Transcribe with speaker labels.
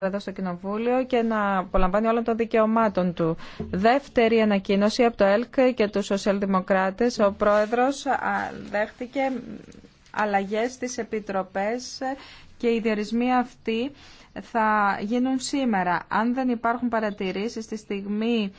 Speaker 1: εδώ στο Κοινοβούλιο και να απολαμβάνει όλων των δικαιωμάτων του. Δεύτερη ανακοίνωση από το ΕΛΚ και τους σοσιαλδημοκράτες. Ο πρόεδρος δέχτηκε αλλαγές στις επιτροπές και οι διορισμοί αυτοί θα γίνουν σήμερα. Αν δεν υπάρχουν παρατηρήσεις στη στιγμή